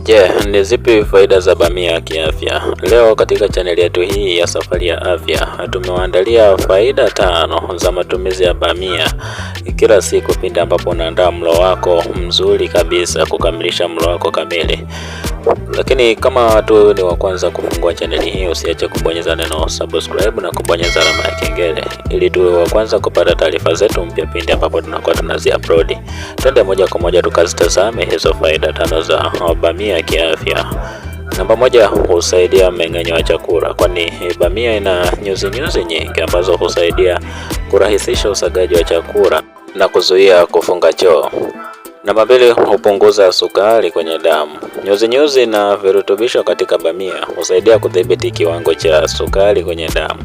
Je, yeah, ni zipi faida za bamia kiafya? Leo katika chaneli yetu hii ya Safari ya Afya tumewaandalia faida tano za matumizi ya bamia kila siku pindi ambapo unaandaa mlo wako mzuri kabisa kukamilisha mlo wako kamili. Lakini kama tu wewe ni wa kwanza kufungua chaneli hii, usiache kubonyeza neno subscribe na kubonyeza alama ya kengele ili tuwe wa kwanza kupata taarifa zetu mpya pindi ambapo tunakuwa tunazi upload. Twende moja kwa moja tukazitazame hizo faida tano za bamia kiafya. Namba moja, husaidia mmeng'enyo wa chakula, kwani bamia ina nyuzi nyuzi nyingi ambazo husaidia kurahisisha usagaji wa chakula na kuzuia kufunga choo. Namba mbili, hupunguza sukari kwenye damu. Nyuzinyuzi na virutubisho katika bamia husaidia kudhibiti kiwango cha sukari kwenye damu.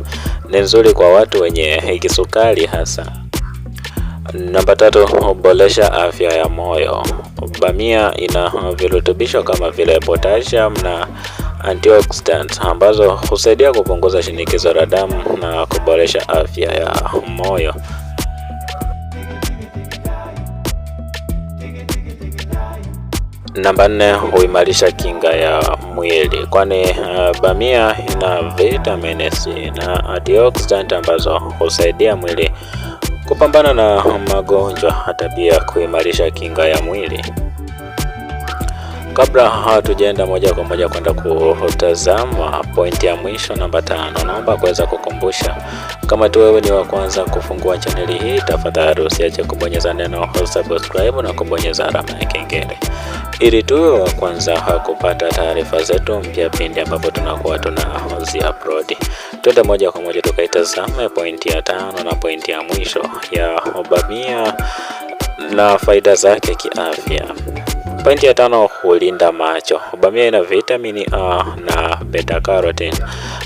Ni nzuri kwa watu wenye kisukari hasa. Namba tatu, huboresha afya ya moyo. Bamia ina virutubisho kama vile potassium na antioxidant ambazo husaidia kupunguza shinikizo la damu na kuboresha afya ya moyo. Namba nne, huimarisha kinga ya mwili kwani uh, bamia ina vitamin C na antioxidant ambazo husaidia mwili kupambana na magonjwa, hata pia kuimarisha kinga ya mwili. Kabla hatujaenda moja kwa moja kwenda kutazama pointi ya mwisho namba tano, naomba kuweza kukumbusha kama tu wewe ni wa kwanza kufungua chaneli hii, tafadhali usiache kubonyeza neno subscribe na kubonyeza alama ya kengele ili tuwe wa kwanza hakupata taarifa zetu mpya pindi ambapo tunakuwa tuna hozi upload. Twende moja kwa moja tukaitazame pointi ya tano na pointi ya mwisho ya Obamia na faida zake kiafya. Pointi ya tano, hulinda macho. Bamia ina vitamini A na beta carotene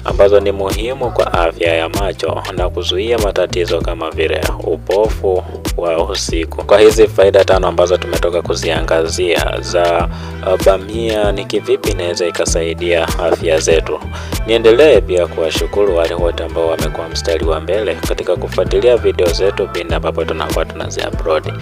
ambazo ni muhimu kwa afya ya macho na kuzuia matatizo kama vile upofu, wa usiku. Kwa hizi faida tano ambazo tumetoka kuziangazia za uh, bamia, ni kivipi inaweza ikasaidia afya zetu. Niendelee pia kuwashukuru wale wote ambao wamekuwa mstari wa mbele katika kufuatilia video zetu pindi ambapo tunakuwa tunazi upload.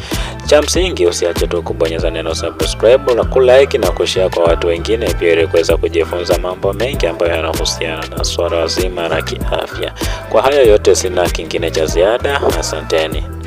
Cha msingi usiache tu kubonyeza neno subscribe na kulike na kushare kwa watu wengine pia, ili kuweza kujifunza mambo mengi ambayo yanahusiana na swala zima la kiafya. Kwa hayo yote, sina kingine cha ziada. Asanteni.